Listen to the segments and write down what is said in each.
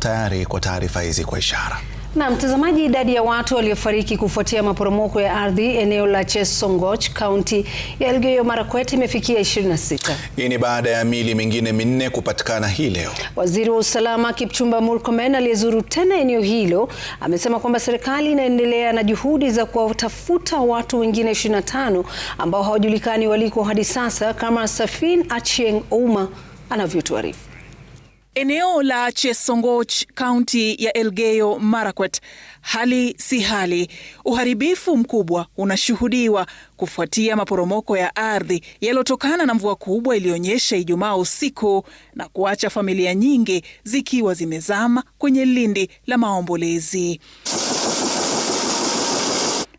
tayari kwa taarifa hizi kwa ishara. Na mtazamaji, idadi ya watu waliofariki kufuatia maporomoko ya ardhi eneo la Chesongoch, kaunti ya Elgeyo Marakwet imefikia 26. Hii ni baada ya miili mingine minne kupatikana hii leo. Waziri wa usalama Kipchumba Murkomen aliyezuru tena eneo hilo amesema kwamba serikali inaendelea na juhudi za kuwatafuta watu wengine 25 ambao hawajulikani waliko hadi sasa, kama Safin Achieng Ouma anavyotuarifu. Eneo la Chesongoch, kaunti ya Elgeyo Marakwet, hali si hali. Uharibifu mkubwa unashuhudiwa kufuatia maporomoko ya ardhi yaliyotokana na mvua kubwa iliyonyesha Ijumaa usiku na kuacha familia nyingi zikiwa zimezama kwenye lindi la maombolezi.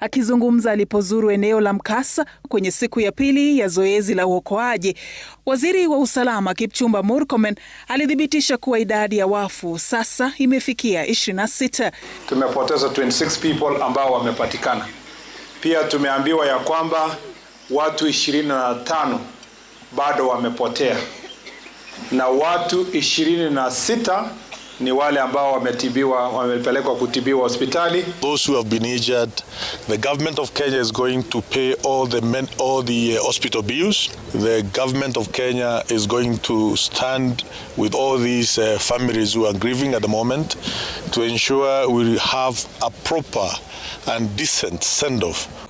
Akizungumza alipozuru eneo la mkasa kwenye siku ya pili ya zoezi la uokoaji, waziri wa usalama Kipchumba Murkomen alithibitisha kuwa idadi ya wafu sasa imefikia 26. Tumepoteza 26 people ambao wamepatikana. Pia tumeambiwa ya kwamba watu 25 bado wamepotea na watu 26 ni wale ambao wametibiwa wamepelekwa kutibiwa hospitali. Those who have been injured, the government of Kenya is going to pay all the men, all the uh, hospital bills. The government of Kenya is going to stand with all these uh, families who are grieving at the moment to ensure we have a proper and decent send off.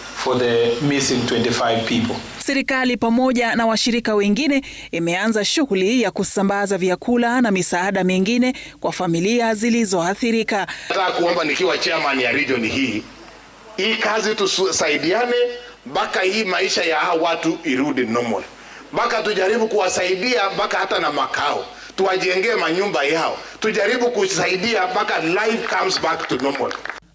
for the missing 25 people. Serikali pamoja na washirika wengine imeanza shughuli ya kusambaza vyakula na misaada mingine kwa familia zilizoathirika. Nataka kuomba nikiwa chairman ya region hii, hii kazi tusaidiane mpaka hii maisha ya hao watu irudi normal, mpaka tujaribu kuwasaidia mpaka hata na makao tuwajengee manyumba yao, tujaribu kusaidia mpaka life comes back to normal.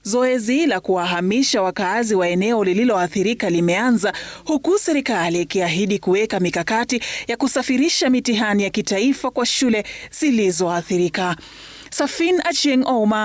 Zoezi la kuwahamisha wakaazi wa eneo lililoathirika limeanza huku serikali ikiahidi kuweka mikakati ya kusafirisha mitihani ya kitaifa kwa shule zilizoathirika. Safin Achieng Oma,